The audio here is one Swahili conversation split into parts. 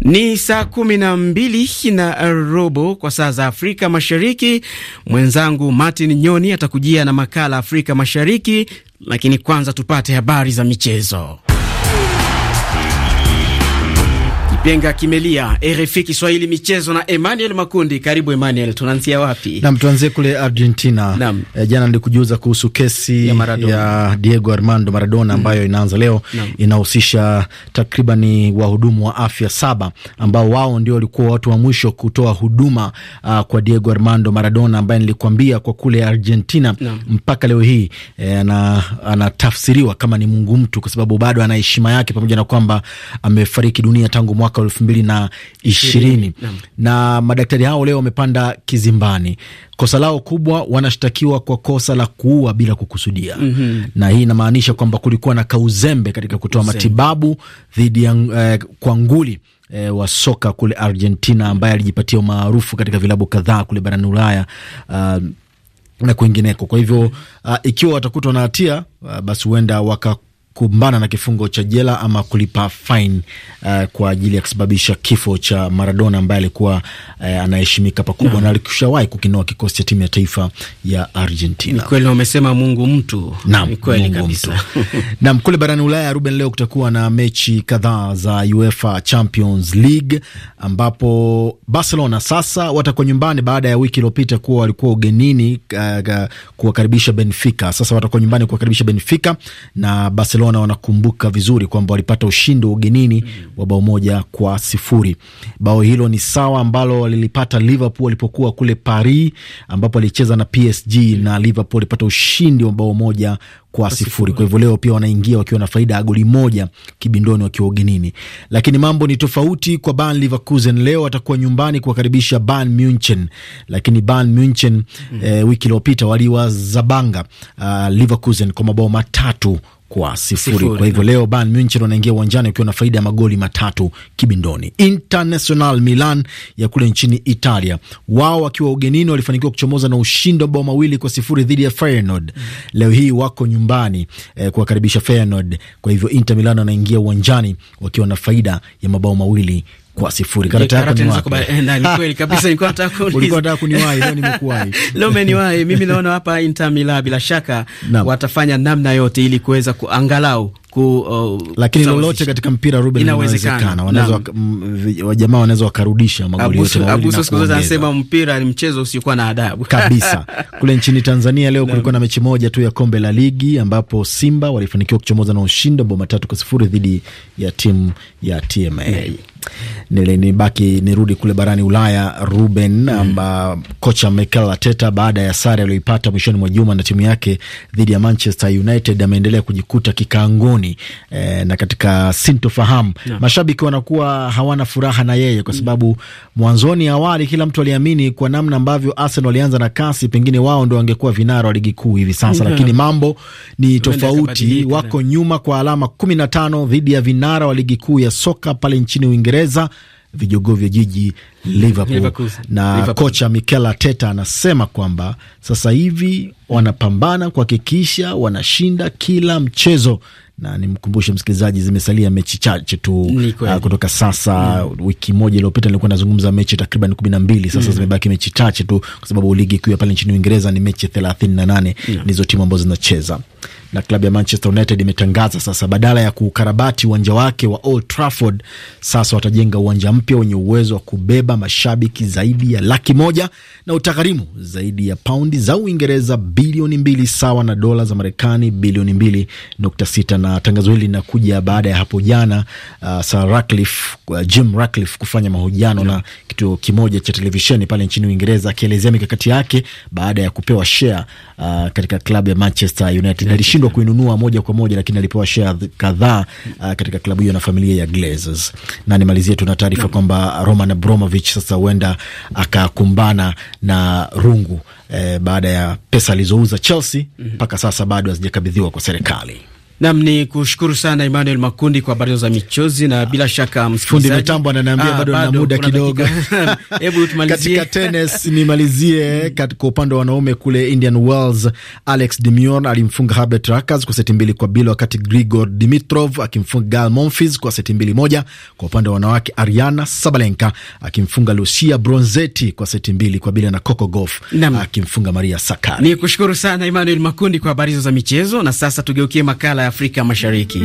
Ni saa kumi na mbili na robo kwa saa za Afrika Mashariki. Mwenzangu Martin Nyoni atakujia na makala Afrika Mashariki, lakini kwanza tupate habari za michezo. Kipenga kimelia. RFI Kiswahili michezo na Emmanuel Makundi. Karibu Emmanuel, tunaanzia wapi? Nam, tuanzie kule Argentina. Naam. E, jana nilikujuza kuhusu kesi ya, ya Diego Armando Maradona mm. ambayo mm, inaanza leo. Inahusisha takribani wahudumu wa afya saba ambao wao ndio walikuwa watu wa mwisho kutoa huduma uh, kwa Diego Armando Maradona ambaye nilikuambia kwa kule Argentina Nam, mpaka leo hii e, anatafsiriwa kama ni Mungu mtu kwa sababu bado ana heshima yake pamoja na kwamba amefariki dunia tangu mwaka mwaka elfu mbili na ishirini na madaktari hao leo wamepanda kizimbani. Kosa lao kubwa, wanashtakiwa kwa kosa la kuua bila kukusudia mm -hmm. na hii inamaanisha kwamba kulikuwa na kauzembe katika kutoa matibabu dhidi ya eh, kwa nguli E, wa soka kule Argentina ambaye alijipatia umaarufu katika vilabu kadhaa kule barani Ulaya uh, na kwingineko. Kwa hivyo uh, ikiwa watakutwa na hatia uh, basi huenda waka kumbana na kifungo cha jela ama kulipa fine uh, kwa ajili ya kusababisha kifo cha Maradona ambaye alikuwa uh, anaheshimika pakubwa mm. na, alikushawahi kukinoa kikosi cha timu ya taifa ya Argentina. Ni kweli wamesema Mungu mtu. Naam, Mungu mtu. Naam, kule barani Ulaya, Ruben, leo kutakuwa na mechi kadhaa za UEFA Champions League ambapo Barcelona sasa watakuwa nyumbani baada ya wiki iliyopita kuwa walikuwa ugenini uh, kuwakaribisha Benfica. Sasa watakuwa nyumbani kuwakaribisha Benfica na Barcelona Barcelona wanakumbuka vizuri kwamba walipata ushindi wa ugenini wa bao moja kwa sifuri. Bao hilo ni sawa ambalo walilipata Liverpool walipokuwa kule Paris, ambapo alicheza na PSG na Liverpool walipata ushindi wa bao moja kwa sifuri. Kwa hivyo leo pia wanaingia wakiwa na faida ya goli moja kibindoni wakiwa ugenini, lakini mambo ni tofauti kwa Bayer Leverkusen. Leo watakuwa nyumbani kuwakaribisha Bayern Munchen, lakini Bayern Munchen mm eh, wiki iliyopita waliwazabanga uh, Leverkusen kwa mabao matatu kwa sifuri. Sifuri. Kwa hivyo leo Bayern Munich wanaingia uwanjani wakiwa na faida ya magoli matatu kibindoni. International Milan ya kule nchini Italia, wao wakiwa ugenini walifanikiwa kuchomoza na ushindi wa bao mawili kwa sifuri dhidi ya Feyenoord. Mm. Leo hii wako nyumbani eh, kuwakaribisha Feyenoord. Kwa hivyo Inter Milan wanaingia uwanjani wakiwa na faida ya mabao mawili kwa sifuri. Karata yako ni wapi? Ni kweli kabisa, nilikuwa nataka kuuliza. Ulikuwa nataka kuniwahi leo, nimekuwahi leo, umeniwahi mimi. Naona hapa Inter Milan bila shaka watafanya namna yote ili kuweza kuangalau ku, uh, lakini lolote katika mpira Ruben, inawezekana wanaweza wajamaa wanaweza wakarudisha magoli yote. Abuso siku zote anasema mpira ni mchezo usiokuwa na adabu kabisa. Kule nchini Tanzania leo kulikuwa na mechi moja tu ya kombe la ligi ambapo Simba walifanikiwa kuchomoza na ushindi bao matatu kwa sifuri dhidi ya timu ya TMA. Hey. Nibaki nirudi kule barani Ulaya, Ruben, mm. amba kocha Mikel Arteta baada ya sare aliyoipata mwishoni mwa juma na timu yake dhidi ya Manchester United ameendelea kujikuta kikaangoni maoni eh, na katika sintofahamu yeah. Mashabiki wanakuwa hawana furaha na yeye kwa sababu mm. mwanzoni, awali kila mtu aliamini kwa namna ambavyo Arsenal walianza na kasi, pengine wao ndo wangekuwa vinara wa ligi kuu hivi sasa yeah. Lakini mambo ni tofauti, wako nyuma kwa alama 15 dhidi ya vinara wa ligi kuu ya soka pale nchini Uingereza vijogoo vya jiji Liverpool, Liverpool na Liverpool. Kocha Mikel Arteta anasema kwamba sasa hivi wanapambana kuhakikisha wanashinda kila mchezo na nimkumbushe msikilizaji, zimesalia mechi chache tu uh, kutoka sasa mm. Wiki moja iliyopita nilikuwa nazungumza mechi takriban kumi na mbili sasa mm. Zimebaki mechi chache tu, kwa sababu ligi kuu ya pale nchini Uingereza ni mechi thelathini na nane ndizo timu ambazo zinacheza na klabu ya Manchester United imetangaza sasa, badala ya kukarabati uwanja wake wa Old Trafford, sasa watajenga uwanja mpya wenye uwezo wa kubeba mashabiki zaidi ya laki moja na utagharimu zaidi ya paundi za Uingereza bilioni mbili sawa na dola za Marekani bilioni mbili nukta sita. Na tangazo hili linakuja baada ya hapo jana uh, Sir Ratcliffe, uh, Jim Ratcliffe kufanya mahojiano yeah, na kituo kimoja cha televisheni pale nchini Uingereza akielezea mikakati yake baada ya kupewa share uh, katika klabu ya Manchester United na alishindwa kuinunua moja kwa moja, lakini alipewa share kadhaa uh, katika klabu hiyo na familia ya Glazers. Na nimalizie, tuna taarifa kwamba Roman Abramovich sasa huenda akakumbana na rungu eh, baada ya pesa alizouza Chelsea mhm. mpaka mm -hmm. sasa bado hazijakabidhiwa kwa serikali. Nam ni kushukuru sana Emmanuel Makundi kwa habari za michozi na bila shaka fundi mitambo ananiambia ah, bado na muda kidogo. Hebu tumalizie katika tennis, nimalizie kwa upande wa wanaume kule Indian Wells, Alex Dimion alimfunga Herbert Rakas kwa seti mbili kwa bila, wakati Grigor Dimitrov akimfunga Gael Monfils kwa seti mbili moja. Kwa upande wa wanawake, Ariana Sabalenka akimfunga Lucia Bronzetti kwa seti mbili kwa bila na Coco Gauff akimfunga Maria Sakkari. Ni kushukuru sana Emmanuel Makundi kwa habari za michezo na sasa tugeukie makala Afrika Mashariki.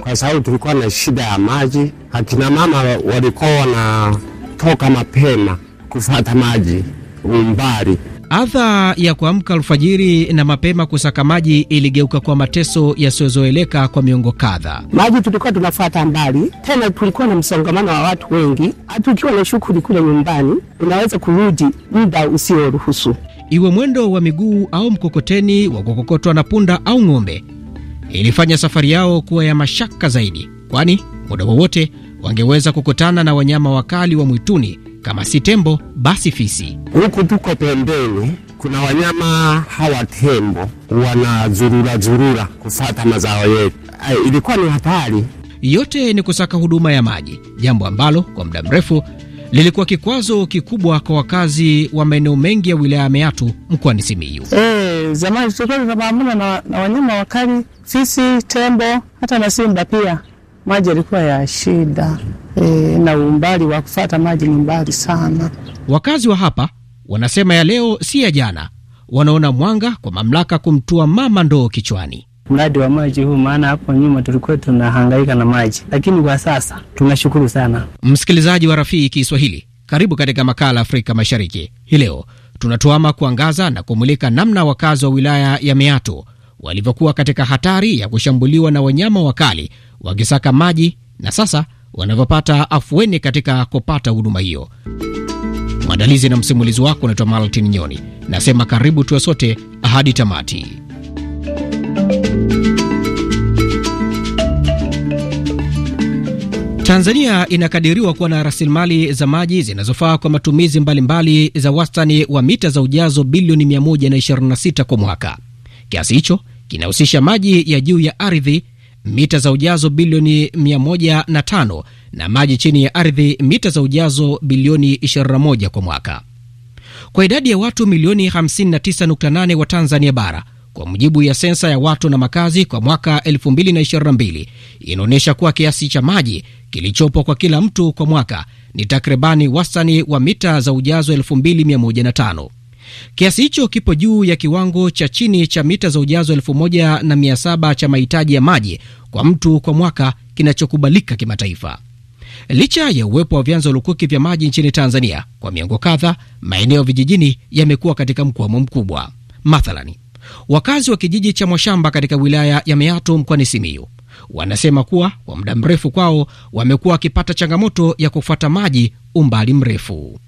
Kwa sababu tulikuwa na shida ya maji, akina mama walikuwa wanatoka mapema kufata maji umbali. Adha ya kuamka alfajiri na mapema kusaka maji iligeuka kwa mateso yasiyozoeleka kwa miongo kadha. Maji tulikuwa tunafuata mbali, tena tulikuwa na msongamano wa watu wengi. Hata ukiwa na shughuli kule nyumbani, unaweza kurudi muda usioruhusu iwe mwendo wa miguu au mkokoteni wa kukokotwa na punda au ng'ombe. Ilifanya safari yao kuwa ya mashaka zaidi, kwani muda wowote wangeweza kukutana na wanyama wakali wa mwituni kama si tembo basi fisi. Huku tuko pembeni, kuna wanyama hawa tembo wanazurura zurura kufata mazao yetu. Ilikuwa ni hatari. Yote ni kusaka huduma ya maji, jambo ambalo kwa muda mrefu lilikuwa kikwazo kikubwa kwa wakazi wa maeneo mengi ya wilaya ya Meatu mkoani Simiyu. Eh, zamani tulikuwa tunapambana na, na wanyama wakali, fisi, tembo, hata na simba pia. Maji yalikuwa ya shida e, na umbali wa kufata maji ni mbali sana. Wakazi wa hapa wanasema ya leo si ya jana, wanaona mwanga kwa mamlaka kumtua mama ndoo kichwani mradi wa maji huu, maana hapo nyuma tulikuwa tunahangaika na maji, lakini kwa sasa tunashukuru sana. Msikilizaji wa Rafii Kiswahili, karibu katika makala Afrika Mashariki. Hii leo tunatuama kuangaza na kumulika namna wakazi wa wilaya ya Meatu walivyokuwa katika hatari ya kushambuliwa na wanyama wakali wakisaka maji na sasa wanavyopata afueni katika kupata huduma hiyo. Mwandalizi na msimulizi wako unaitwa Maltin Nyoni, nasema karibu tuwe sote hadi tamati. Tanzania inakadiriwa kuwa na rasilimali za maji zinazofaa kwa matumizi mbalimbali mbali za wastani wa mita za ujazo bilioni 126 kwa mwaka. Kiasi hicho kinahusisha maji ya juu ya ardhi mita za ujazo bilioni 105 na maji chini ya ardhi mita za ujazo bilioni 21 kwa mwaka. Kwa idadi ya watu milioni 59.8 wa Tanzania bara kwa mujibu ya sensa ya watu na makazi kwa mwaka 2022 inaonyesha kuwa kiasi cha maji kilichopo kwa kila mtu kwa mwaka ni takribani wastani wa mita za ujazo 2105. Kiasi hicho kipo juu ya kiwango cha chini cha mita za ujazo 1700 cha mahitaji ya maji kwa mtu kwa mwaka kinachokubalika kimataifa. Licha ya uwepo wa vyanzo lukuki vya maji nchini Tanzania, kwa miongo kadha, maeneo vijijini yamekuwa katika mkwamo mkubwa. Mathalani, Wakazi wa kijiji cha Mwashamba katika wilaya ya Meatu mkoani Simiyu wanasema kuwa kwa muda mrefu kwao wamekuwa wakipata changamoto ya kufuata maji umbali mrefu.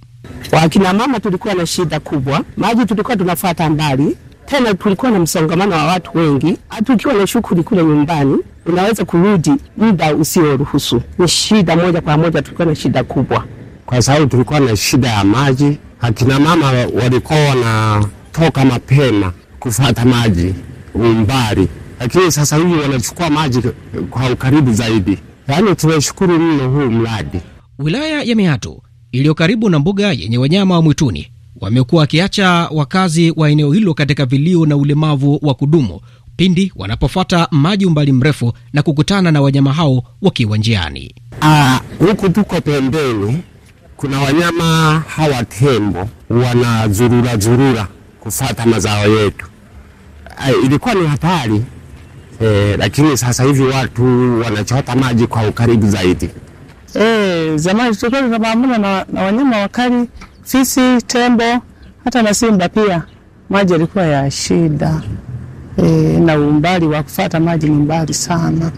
Wakina mama tulikuwa na shida kubwa, maji tulikuwa tunafuata mbali, tena tulikuwa na msongamano wa watu wengi. Hatukiwa ukiwa na shughuli kule nyumbani unaweza kurudi muda usioruhusu. Ni shida moja kwa moja, tulikuwa na shida kubwa kwa sababu tulikuwa na shida ya maji. Akina mama walikuwa wanatoka mapema kufata maji umbali, lakini sasa hivi wanachukua maji kwa ukaribu zaidi. Yaani tunashukuru mno huu mradi. Wilaya ya Meatu iliyo karibu na mbuga yenye wanyama wa mwituni wamekuwa wakiacha wakazi wa eneo hilo katika vilio na ulemavu wa kudumu pindi wanapofata maji umbali mrefu na kukutana na wanyama hao wakiwa njiani. Ah, huku tuko pembeni, kuna wanyama hawa tembo wanazurura zurura kufata mazao yetu. Eh, ilikuwa ni hatari e, lakini sasa hivi watu wanachota maji kwa ukaribu zaidi. E, zamani tulikuwa tunapambana na, na wanyama wakali, fisi, tembo, hata na simba pia. Maji yalikuwa ya shida e, na umbali wa kufata maji ni mbali sana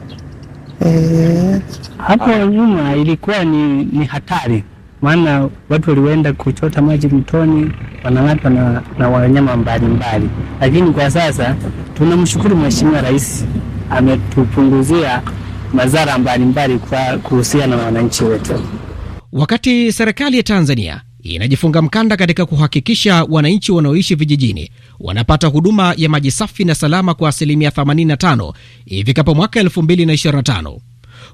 e, hapo nyuma ilikuwa ni, ni hatari maana watu walioenda kuchota maji mtoni wanalata na, na wanyama mbalimbali, lakini kwa sasa tunamshukuru Mheshimiwa Rais ametupunguzia madhara mbalimbali kwa kuhusiana na wananchi wetu. Wakati serikali ya Tanzania inajifunga mkanda katika kuhakikisha wananchi wanaoishi vijijini wanapata huduma ya maji safi na salama kwa asilimia 85 ifikapo mwaka 2025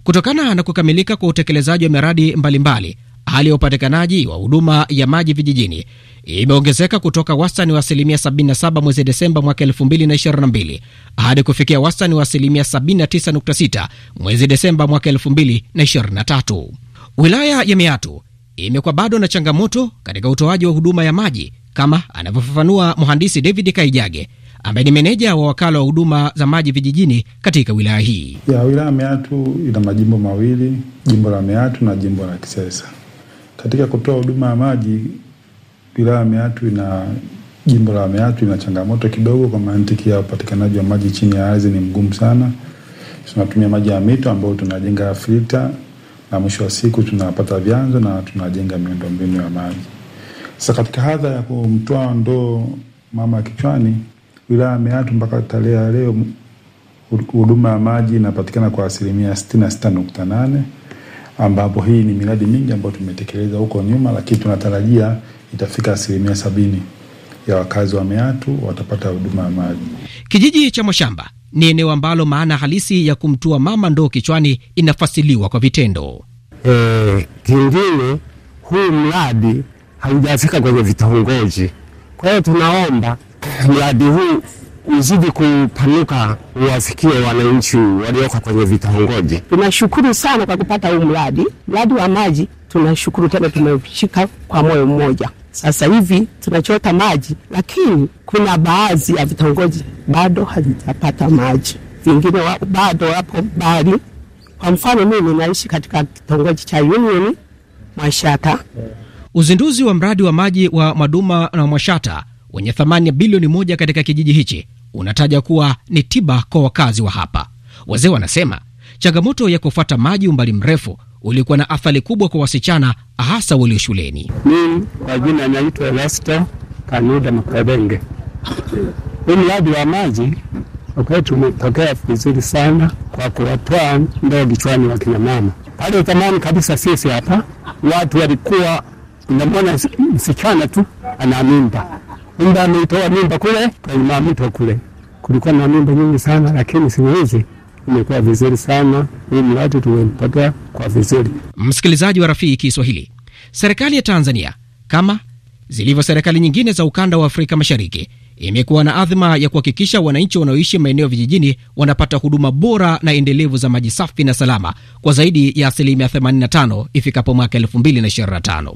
kutokana na kukamilika kwa utekelezaji wa miradi mbalimbali mbali, hali ya upatikanaji wa huduma ya maji vijijini imeongezeka kutoka wastani wa asilimia 77 mwezi Desemba mwaka 2022 hadi kufikia wastani wa asilimia 79.6 mwezi Desemba mwaka 2023. Wilaya ya Meatu imekuwa bado na changamoto katika utoaji wa huduma ya maji kama anavyofafanua mhandisi David Kaijage ambaye ni meneja wa wakala wa huduma za maji vijijini katika wilaya hii. Ya wilaya ya Meatu ina majimbo mawili, jimbo la Meatu na jimbo la Kisesa. Katika kutoa huduma ya maji wilaya ya Meatu na jimbo la Meatu ina changamoto kidogo, kwa mantiki ya upatikanaji wa maji chini ya ardhi ni mgumu sana. Tunatumia maji ya mito ambayo tunajenga filter na mwisho wa siku tunapata vyanzo na tunajenga miundombinu ya maji. Sasa katika hadha ya kumtoa ndoo mama kichwani, wilaya ya Meatu mpaka tarehe ya leo huduma ya maji inapatikana kwa asilimia sitini na sita nukta nane ambapo hii ni miradi mingi ambayo tumetekeleza huko nyuma, lakini tunatarajia itafika asilimia sabini ya wakazi wa Meatu watapata huduma ya maji. Kijiji cha Mwashamba ni eneo ambalo maana halisi ya kumtua mama ndoo kichwani inafasiliwa kwa vitendo. E, kingine huu mradi haujafika kwenye vitongoji, kwa hiyo tunaomba mradi huu uzidi kupanuka uwafikie wananchi walioko kwenye vitongoji. Tunashukuru sana kwa kupata huu mradi, mradi wa maji. Tunashukuru tena, tumeshika kwa moyo mmoja. Sasa hivi tunachota maji, lakini kuna baadhi ya vitongoji bado havijapata maji, vingine wa, bado wapo mbali. Kwa mfano, mimi naishi katika kitongoji cha Union Mwashata. Uzinduzi wa mradi wa maji wa Maduma na Mwashata wenye thamani ya bilioni moja katika kijiji hichi unataja kuwa ni tiba kwa wakazi wa hapa. Wazee wanasema changamoto ya kufuata maji umbali mrefu ulikuwa na athari kubwa kwa wasichana, hasa walio shuleni. Mimi kwa jina naitwa Lasta Kanuda Makabenge. Huu mradi wa maji wakati umetokea vizuri sana kwa kuwatoa ndoo kichwani wa kina mama pale. Zamani kabisa sisi hapa watu walikuwa, unamwona msichana tu ana mimba mimba ameitoa mimba kule kaima mito kule. Kulikuwa na mimba nyingi sana, lakini siku hizi imekuwa vizuri sana. Hii mradi tumempata kwa vizuri. Msikilizaji wa Rafiki Kiswahili, serikali ya Tanzania kama zilivyo serikali nyingine za ukanda wa Afrika Mashariki imekuwa na adhima ya kuhakikisha wananchi wanaoishi maeneo vijijini wanapata huduma bora na endelevu za maji safi na salama kwa zaidi ya asilimia 85 ifikapo mwaka 2025.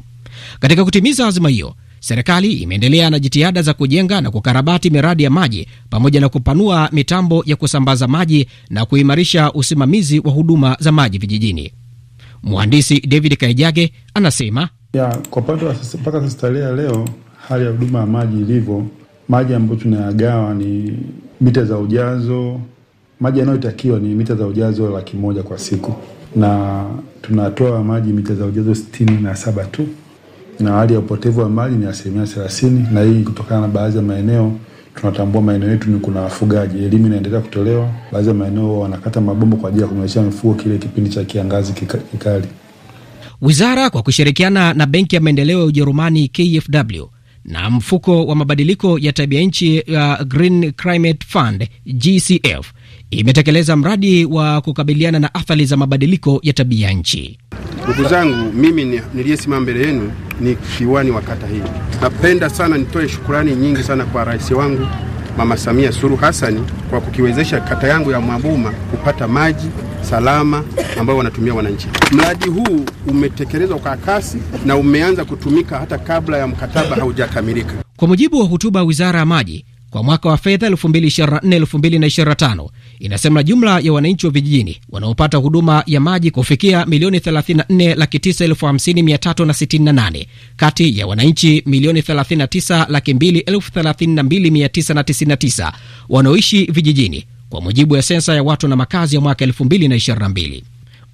Katika kutimiza azima hiyo Serikali imeendelea na jitihada za kujenga na kukarabati miradi ya maji pamoja na kupanua mitambo ya kusambaza maji na kuimarisha usimamizi wa huduma za maji vijijini. Mhandisi David Kaijage anasema ya, kwa upande wa mpaka sasa ya leo hali ya huduma ya maji ilivyo, maji ambayo tunayagawa ni mita za ujazo, maji yanayotakiwa ni mita za ujazo laki moja kwa siku na tunatoa maji mita za ujazo sitini na saba tu na hali ya upotevu wa mali ni asilimia thelathini, na hii kutokana na baadhi ya maeneo tunatambua maeneo yetu ni kuna wafugaji, elimu inaendelea kutolewa. Baadhi ya maeneo wanakata mabomba kwa ajili ya kunyweshea mifugo kile kipindi cha kiangazi kikali. Wizara kwa kushirikiana na Benki ya Maendeleo ya Ujerumani KfW na mfuko wa mabadiliko ya tabia nchi ya Green Climate Fund GCF imetekeleza mradi wa kukabiliana na athari za mabadiliko ya tabia nchi. Ndugu zangu, mimi niliyesimama mbele yenu ni diwani wa kata hii. Napenda sana nitoe shukurani nyingi sana kwa rais wangu Mama Samia Suluhu Hassan kwa kukiwezesha kata yangu ya Mwabuma kupata maji salama ambayo wanatumia wananchi. Mradi huu umetekelezwa kwa kasi na umeanza kutumika hata kabla ya mkataba haujakamilika. Kwa mujibu wa hotuba ya Wizara ya Maji, kwa mwaka wa fedha 2024/2025 inasema jumla ya wananchi wa vijijini wanaopata huduma ya maji kufikia milioni 34 kati ya wananchi milioni 39 wanaoishi vijijini kwa mujibu ya sensa ya watu na makazi ya mwaka 2022.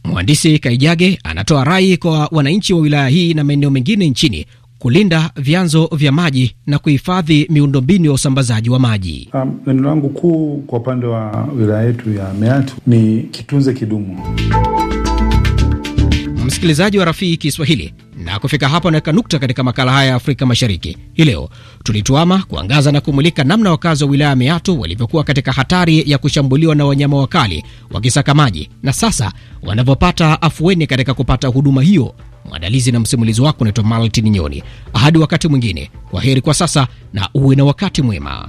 Mhandisi Kaijage anatoa rai kwa wananchi wa wilaya hii na maeneo mengine nchini kulinda vyanzo vya maji na kuhifadhi miundombinu ya usambazaji wa maji. Um, langu kuu kwa upande wa wilaya yetu ya Meatu ni kitunze kidumu. Msikilizaji wa Rafiki Kiswahili, na kufika hapo anaweka nukta katika makala haya ya Afrika Mashariki hii leo. Tulituama kuangaza na kumulika namna wakazi wa wilaya ya Meatu walivyokuwa katika hatari ya kushambuliwa na wanyama wakali wakisaka maji na sasa wanavyopata afueni katika kupata huduma hiyo Mwandalizi na msimulizi wako unaitwa Maltin Nyoni. Hadi wakati mwingine, kwa heri kwa sasa na uwe na wakati mwema.